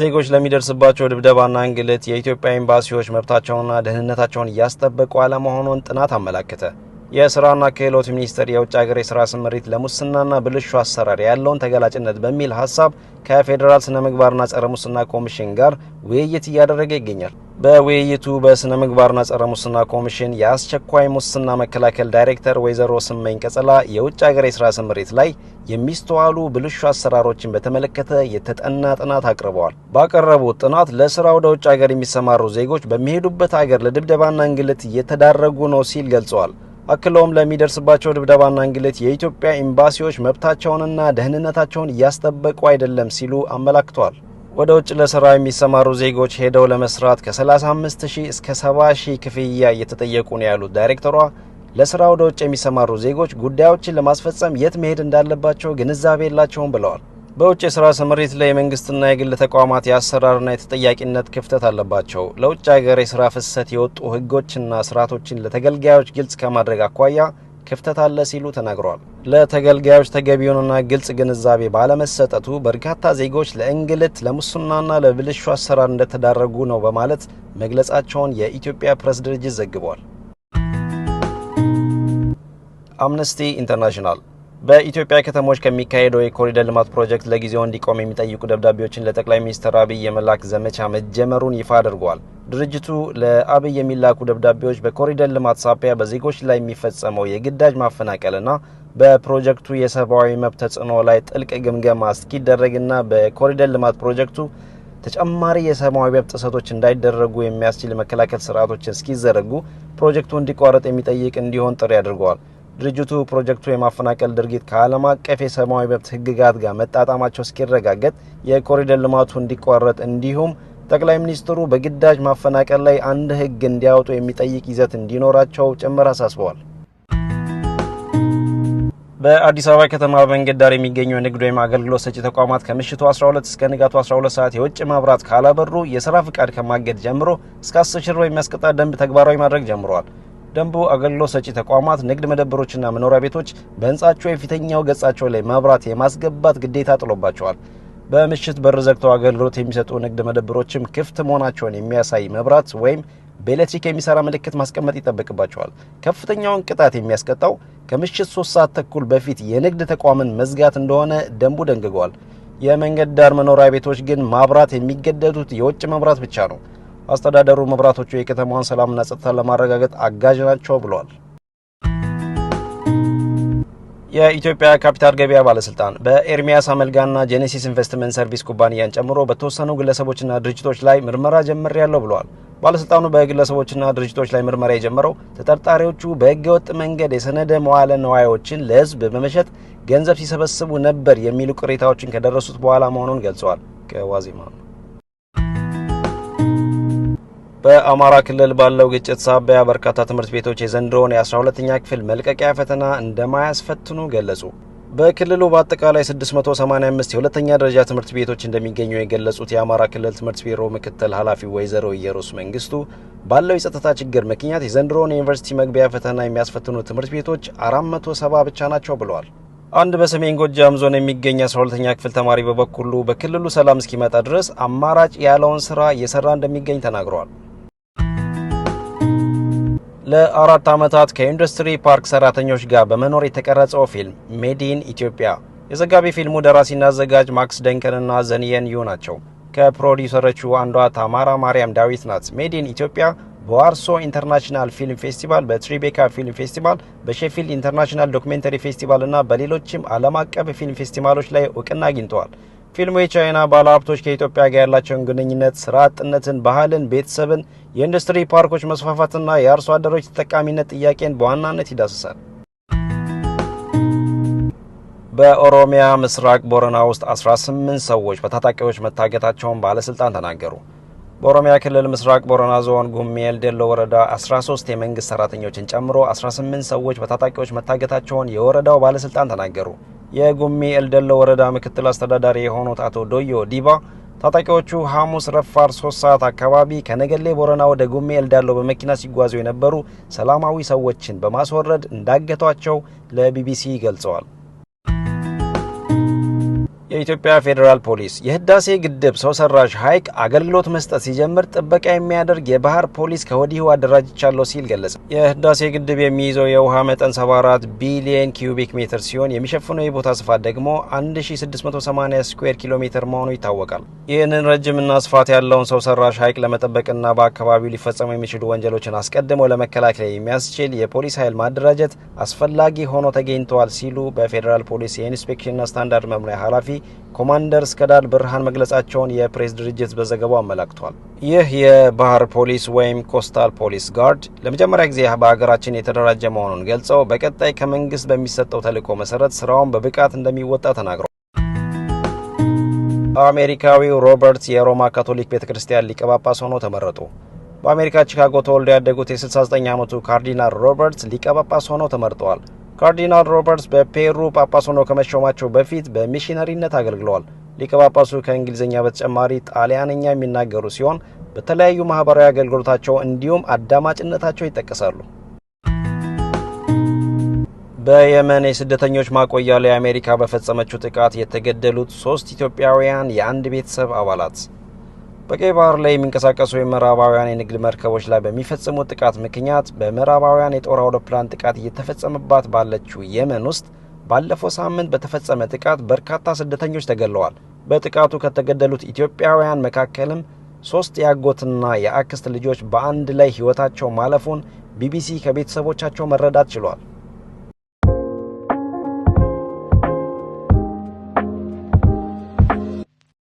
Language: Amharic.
ዜጎች ለሚደርስባቸው ድብደባና እንግልት የኢትዮጵያ ኤምባሲዎች መብታቸውንና ደህንነታቸውን እያስጠበቁ አለመሆኑን ጥናት አመላክተ የስራና ክህሎት ሚኒስቴር የውጭ ሀገር የስራ ስምሪት ለሙስናና ብልሹ አሰራር ያለውን ተገላጭነት በሚል ሀሳብ ከፌዴራል ስነ ምግባርና ጸረ ሙስና ኮሚሽን ጋር ውይይት እያደረገ ይገኛል። በውይይቱ በስነ ምግባርና ጸረ ሙስና ኮሚሽን የአስቸኳይ ሙስና መከላከል ዳይሬክተር ወይዘሮ ስመኝ ቀጸላ የውጭ ሀገር የስራ ስምሪት ላይ የሚስተዋሉ ብልሹ አሰራሮችን በተመለከተ የተጠና ጥናት አቅርበዋል። ባቀረቡት ጥናት ለስራ ወደ ውጭ ሀገር የሚሰማሩ ዜጎች በሚሄዱበት ሀገር ለድብደባና እንግልት እየተዳረጉ ነው ሲል ገልጸዋል። አክለውም ለሚደርስባቸው ድብደባና እንግልት የኢትዮጵያ ኤምባሲዎች መብታቸውንና ደህንነታቸውን እያስጠበቁ አይደለም ሲሉ አመላክቷል። ወደ ውጭ ለስራ የሚሰማሩ ዜጎች ሄደው ለመስራት ከ35 ሺህ እስከ 70 ሺህ ክፍያ እየተጠየቁ ነው ያሉት ዳይሬክተሯ ለስራ ወደ ውጭ የሚሰማሩ ዜጎች ጉዳዮችን ለማስፈጸም የት መሄድ እንዳለባቸው ግንዛቤ የላቸውም ብለዋል። በውጭ የስራ ስምሪት ላይ የመንግስትና የግል ተቋማት የአሰራርና የተጠያቂነት ክፍተት አለባቸው። ለውጭ ሀገር የስራ ፍሰት የወጡ ህጎችና ስርዓቶችን ለተገልጋዮች ግልጽ ከማድረግ አኳያ ክፍተት አለ ሲሉ ተናግሯል። ለተገልጋዮች ተገቢውንና ግልጽ ግንዛቤ ባለመሰጠቱ በርካታ ዜጎች ለእንግልት፣ ለሙስናና ለብልሹ አሰራር እንደተዳረጉ ነው በማለት መግለጻቸውን የኢትዮጵያ ፕሬስ ድርጅት ዘግቧል። አምነስቲ ኢንተርናሽናል በኢትዮጵያ ከተሞች ከሚካሄደው የኮሪደር ልማት ፕሮጀክት ለጊዜው እንዲቆም የሚጠይቁ ደብዳቤዎችን ለጠቅላይ ሚኒስትር አብይ የመላክ ዘመቻ መጀመሩን ይፋ አድርጓል። ድርጅቱ ለአብይ የሚላኩ ደብዳቤዎች በኮሪደር ልማት ሳቢያ በዜጎች ላይ የሚፈጸመው የግዳጅ ማፈናቀልና በፕሮጀክቱ የሰብአዊ መብት ተጽዕኖ ላይ ጥልቅ ግምገማ እስኪደረግና በኮሪደር ልማት ፕሮጀክቱ ተጨማሪ የሰብአዊ መብት ጥሰቶች እንዳይደረጉ የሚያስችል መከላከል ስርዓቶች እስኪዘረጉ ፕሮጀክቱ እንዲቋረጥ የሚጠይቅ እንዲሆን ጥሪ አድርገዋል። ድርጅቱ ፕሮጀክቱ የማፈናቀል ድርጊት ከዓለም አቀፍ የሰብአዊ መብት ሕግጋት ጋር መጣጣማቸው እስኪረጋገጥ የኮሪደር ልማቱ እንዲቋረጥ እንዲሁም ጠቅላይ ሚኒስትሩ በግዳጅ ማፈናቀል ላይ አንድ ሕግ እንዲያወጡ የሚጠይቅ ይዘት እንዲኖራቸው ጭምር አሳስበዋል። በአዲስ አበባ ከተማ በመንገድ ዳር የሚገኙ የንግድ ወይም አገልግሎት ሰጪ ተቋማት ከምሽቱ 12 እስከ ንጋቱ 12 ሰዓት የውጭ መብራት ካላበሩ የስራ ፍቃድ ከማገድ ጀምሮ እስከ 10 ሺህ ብር የሚያስቀጣ ደንብ ተግባራዊ ማድረግ ጀምረዋል። ደንቡ አገልግሎት ሰጪ ተቋማት፣ ንግድ መደብሮችና መኖሪያ ቤቶች በህንጻቸው የፊተኛው ገጻቸው ላይ መብራት የማስገባት ግዴታ ጥሎባቸዋል። በምሽት በር ዘግተው አገልግሎት የሚሰጡ ንግድ መደብሮችም ክፍት መሆናቸውን የሚያሳይ መብራት ወይም በኤሌክትሪክ የሚሰራ ምልክት ማስቀመጥ ይጠበቅባቸዋል። ከፍተኛውን ቅጣት የሚያስቀጣው ከምሽት ሶስት ሰዓት ተኩል በፊት የንግድ ተቋምን መዝጋት እንደሆነ ደንቡ ደንግጓል። የመንገድ ዳር መኖሪያ ቤቶች ግን ማብራት የሚገደዱት የውጭ መብራት ብቻ ነው። አስተዳደሩ መብራቶቹ የከተማዋን ሰላምና ጸጥታ ለማረጋገጥ አጋዥ ናቸው ብሏል። የኢትዮጵያ ካፒታል ገበያ ባለስልጣን በኤርሚያስ አመልጋና ጄኔሲስ ኢንቨስትመንት ሰርቪስ ኩባንያን ጨምሮ በተወሰኑ ግለሰቦችና ድርጅቶች ላይ ምርመራ ያለው ብለዋል። ባለስልጣኑ በግለሰቦችና ድርጅቶች ላይ ምርመራ የጀመረው ተጠርጣሪዎቹ በህገወጥ መንገድ የሰነደ መዋለ ነዋዮችን ለህዝብ በመሸጥ ገንዘብ ሲሰበስቡ ነበር የሚሉ ቅሬታዎችን ከደረሱት በኋላ መሆኑን ገልጸዋል። ከዋዜማ በአማራ ክልል ባለው ግጭት ሳቢያ በርካታ ትምህርት ቤቶች የዘንድሮውን የ12ኛ ክፍል መልቀቂያ ፈተና እንደማያስፈትኑ ገለጹ። በክልሉ በአጠቃላይ 685 የሁለተኛ ደረጃ ትምህርት ቤቶች እንደሚገኙ የገለጹት የአማራ ክልል ትምህርት ቢሮ ምክትል ኃላፊ ወይዘሮ ኢየሩስ መንግስቱ ባለው የጸጥታ ችግር ምክንያት የዘንድሮውን የዩኒቨርሲቲ መግቢያ ፈተና የሚያስፈትኑ ትምህርት ቤቶች 470 ብቻ ናቸው ብለዋል። አንድ በሰሜን ጎጃም ዞን የሚገኝ 12ኛ ክፍል ተማሪ በበኩሉ በክልሉ ሰላም እስኪመጣ ድረስ አማራጭ ያለውን ስራ እየሰራ እንደሚገኝ ተናግረዋል። ለአራት ዓመታት ከኢንዱስትሪ ፓርክ ሰራተኞች ጋር በመኖር የተቀረጸው ፊልም ሜዲን ኢትዮጵያ የዘጋቢ ፊልሙ ደራሲና አዘጋጅ ማክስ ደንከንና ዘንየን ዩ ናቸው። ከፕሮዲውሰሮቹ አንዷ ታማራ ማርያም ዳዊት ናት። ሜዲን ኢትዮጵያ በዋርሶ ኢንተርናሽናል ፊልም ፌስቲቫል፣ በትሪቤካ ፊልም ፌስቲቫል፣ በሼፊልድ ኢንተርናሽናል ዶክሜንተሪ ፌስቲቫል እና በሌሎችም ዓለም አቀፍ ፊልም ፌስቲቫሎች ላይ እውቅና አግኝተዋል። ፊልሙ የቻይና ባለሀብቶች ከኢትዮጵያ ጋር ያላቸውን ግንኙነት፣ ስራ አጥነትን፣ ባህልን፣ ቤተሰብን፣ የኢንዱስትሪ ፓርኮች መስፋፋትና የአርሶ አደሮች ተጠቃሚነት ጥያቄን በዋናነት ይዳስሳል። በኦሮሚያ ምስራቅ ቦረና ውስጥ 18 ሰዎች በታጣቂዎች መታገታቸውን ባለስልጣን ተናገሩ። በኦሮሚያ ክልል ምስራቅ ቦረና ዞን ጉሜል ደሎ ወረዳ 13 የመንግስት ሰራተኞችን ጨምሮ 18 ሰዎች በታጣቂዎች መታገታቸውን የወረዳው ባለስልጣን ተናገሩ። የጉሜ ኤልደሎ ወረዳ ምክትል አስተዳዳሪ የሆኑት አቶ ዶዮ ዲባ ታጣቂዎቹ ሐሙስ ረፋር ሶስት ሰዓት አካባቢ ከነገሌ ቦረና ወደ ጉሜ ኤልዳሎ በመኪና ሲጓዙ የነበሩ ሰላማዊ ሰዎችን በማስወረድ እንዳገቷቸው ለቢቢሲ ገልጸዋል። የኢትዮጵያ ፌዴራል ፖሊስ የህዳሴ ግድብ ሰው ሰራሽ ሐይቅ አገልግሎት መስጠት ሲጀምር ጥበቃ የሚያደርግ የባህር ፖሊስ ከወዲሁ አደራጅቻለሁ ሲል ገለጸ። የህዳሴ ግድብ የሚይዘው የውሃ መጠን 74 ቢሊየን ኪዩቢክ ሜትር ሲሆን የሚሸፍነው የቦታ ስፋት ደግሞ 1680 ስኩዌር ኪሎ ሜትር መሆኑ ይታወቃል። ይህንን ረጅምና ስፋት ያለውን ሰው ሰራሽ ሐይቅ ለመጠበቅና በአካባቢው ሊፈጸሙ የሚችሉ ወንጀሎችን አስቀድመው ለመከላከል የሚያስችል የፖሊስ ኃይል ማደራጀት አስፈላጊ ሆኖ ተገኝተዋል ሲሉ በፌዴራል ፖሊስ የኢንስፔክሽንና ስታንዳርድ መምሪያ ኃላፊ ኮማንደር እስከዳል ብርሃን መግለጻቸውን የፕሬስ ድርጅት በዘገባው አመላክቷል። ይህ የባህር ፖሊስ ወይም ኮስታል ፖሊስ ጋርድ ለመጀመሪያ ጊዜ በሀገራችን የተደራጀ መሆኑን ገልጸው በቀጣይ ከመንግስት በሚሰጠው ተልዕኮ መሰረት ስራውን በብቃት እንደሚወጣ ተናግረዋል። አሜሪካዊው ሮበርት የሮማ ካቶሊክ ቤተ ክርስቲያን ሊቀ ጳጳስ ሆነው ተመረጡ። በአሜሪካ ቺካጎ ተወልዶ ያደጉት የ69 ዓመቱ ካርዲናል ሮበርትስ ሊቀ ጳጳስ ሆነው ተመርጠዋል። ካርዲናል ሮበርትስ በፔሩ ጳጳስ ሆነው ከመሾማቸው በፊት በሚሽነሪነት አገልግለዋል። ሊቀ ጳጳሱ ከእንግሊዝኛ በተጨማሪ ጣሊያንኛ የሚናገሩ ሲሆን በተለያዩ ማህበራዊ አገልግሎታቸው እንዲሁም አዳማጭነታቸው ይጠቀሳሉ። በየመን የስደተኞች ማቆያ ላይ አሜሪካ በፈጸመችው ጥቃት የተገደሉት ሶስት ኢትዮጵያውያን የአንድ ቤተሰብ አባላት በቀይ ባህር ላይ የሚንቀሳቀሱ የምዕራባውያን የንግድ መርከቦች ላይ በሚፈጽሙት ጥቃት ምክንያት በምዕራባውያን የጦር አውሮፕላን ጥቃት እየተፈጸመባት ባለችው የመን ውስጥ ባለፈው ሳምንት በተፈጸመ ጥቃት በርካታ ስደተኞች ተገድለዋል። በጥቃቱ ከተገደሉት ኢትዮጵያውያን መካከልም ሶስት የአጎትና የአክስት ልጆች በአንድ ላይ ሕይወታቸው ማለፉን ቢቢሲ ከቤተሰቦቻቸው መረዳት ችሏል።